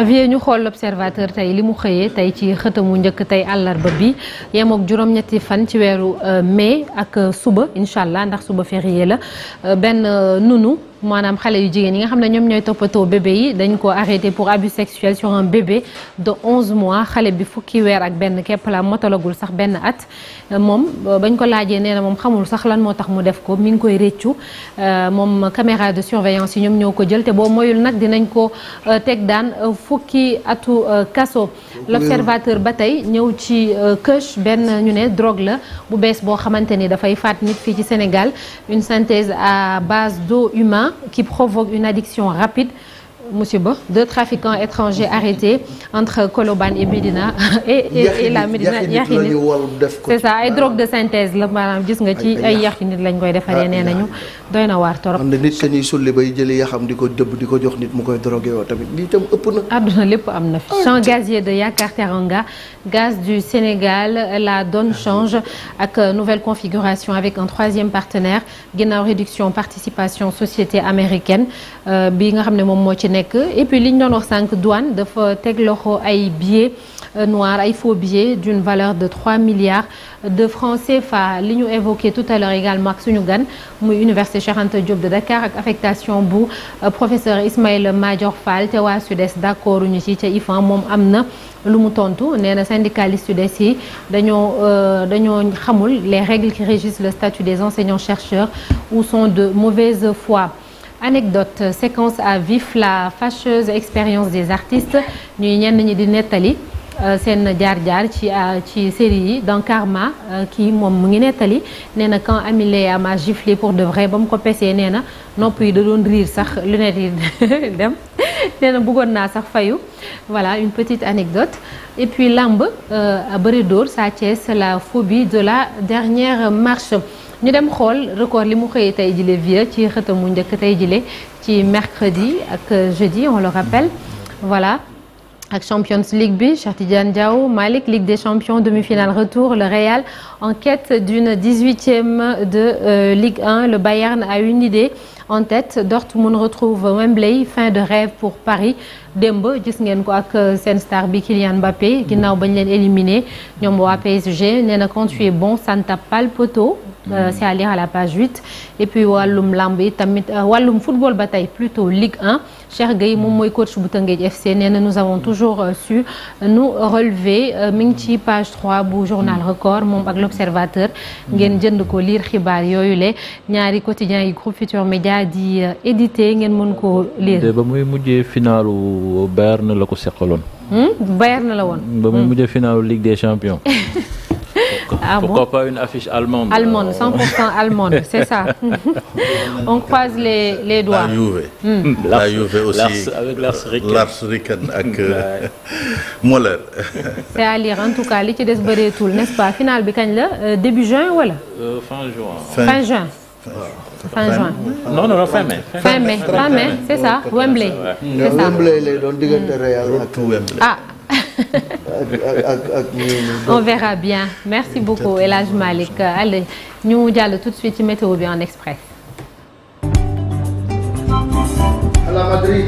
vie ñu xool l'observateur tey li mu xëyee tey ci xëtamu njëkk tey àllarba bi yem ak juróom-ñetti fan ci weeru euh, mai ak euh, suba incha allah ndax suba yee la euh, benn nunu maanaam xale yu jigéen yi nga xam ne ñoom ñooy toppatoo bébé yi dañ ko arrêté pour abus sexuel sur un bébé de 11 mois xale bi fukki weer ak benn képp la motalagul sax benn at moom bañ ko laajee nee na moom xamul sax lan moo tax mu def ko mi ngi koy réccu euh, moom caméra de surveillance yi ñoom ñoo ko jël te boo moyul nag dinañ ko euh, teg daan euh, fukki atu kaso l'observateur ba tey ñëw ci këch benn ñu ne drogue la bu bees boo xamante ni dafay faat nit fii ci Sénégal une synthèse base d'eau humain qui provoque une addiction rapide musiba deux trafiquants étrangers arrêtés entre Colobane et Médina et et la Médina yaxi nit c'est ça ay drogue de synthèse la maanaam gis nga ci ay yaxi nit lañ koy defaree nee nañu doy na waar torop am na nit ka ñuy sulli bay jëli yaxam di ko dëbb di ko jox nit mu koy drogué yoo tamit lii tam ëpp na lépp am na fi champ gazier de Yakar Teranga gaz du Sénégal la donne change ak nouvelle configuration avec un troisième partenaire ginnaaw réduction participation société américaine euh, nekk et puis li ñu doon sànq douane dafa teg loxo ay billets euh, noirs ay faux billets d'une valeur de 3 milliards de francs CFA li ñu évoqué tout à l'heure également ak suñu gan muy université Cheikh Anta Diop de Dakar ak affectation bu euh, professeur Ismaïla Madior Fall te waa SUDES d'accord ñu ci ca IFAN moom am na lu mu tontu nee na syndicaliste SUDES yi dañoo euh, dañoo xamul les règles qui régissent le statut des enseignants chercheurs ou sont de mauvaise fois anecdote séquence à vif la fâcheuse expérience des artistes ñuy ñenn ñi di nettali euh, seen jaar-jaar ci euh, ci série yi dans Karma euh, kii moom mu ngi nettali nee na quand Amiléa m'a giflé pour de vrai ba mu ko pesee nee na nopp yi da doon riir sax lunettes yi dem nee na bëggoon naa sax fayu voilà une petite anecdote et puis lamb bëri door Sa Thiès la phobie de la dernière marche ñu dem xool record li mu xëyee tey jile vieux ci xëtam mu njëkk tey jile ci mercredi ak jeudi on le rappelle voilà ak Champions League bi Cheikh Tidiane Diaw Malick Ligue des champions demi-finale retour le Real en quête d'une dix-huitième de euh, Ligue 1 le Bayern a une idée en tête Dortmund retrouve Wembley fin de rêve pour Paris démb gis ngeen ko ak euh, seen star bi Kylian Mbappé ginnaaw bañ leen éliminé ñoom waa PSG nee na quand bon ça ne tape Euh, mm. c'est à la page 8 et puis wàllum lamb yi tamit euh, wàllum football ba tey plutôt Ligue 1 Cheikh moom mooy coach bu Teungueth FC nee na nous avons toujours euh, su nous relever mi ngi ci page 3 bu journal mm. Record moom ak l'Observateur ngeen mm. jënd ko liir xibaar yooyu le ñaari quotidiens yi groupe Futurs Médias di édité ngeen mën koo lire. ba muy mujjee finalu na la ko seqaloon. Hmm? na la woon. ba muy hmm. mujjee finalu Ligue des Champions. Ah Pourquoi bon? pas une affiche allemande Allemande, 100% allemande, c'est ça. On croise les, les doigts. La Juve. Mm. La Juve aussi. avec Lars Ricken. Lars Ricken ak euh, Moller. c'est à lire en tout cas li ci des bëreetul n'est-ce pas finale bi kañ la euh, début juin wala. Euh, fin juin. fin, fin juin. Ah. fin juin non non fin mai. fin mai fin mai c'est ça Wembley. c'est ça Wembley lay doon diggante Real ak Wembley. ah. ak on verra bien merci beaucoup El Hadj Malick allez ñu jàll tout de suite ci météo bi en express. la Madrid.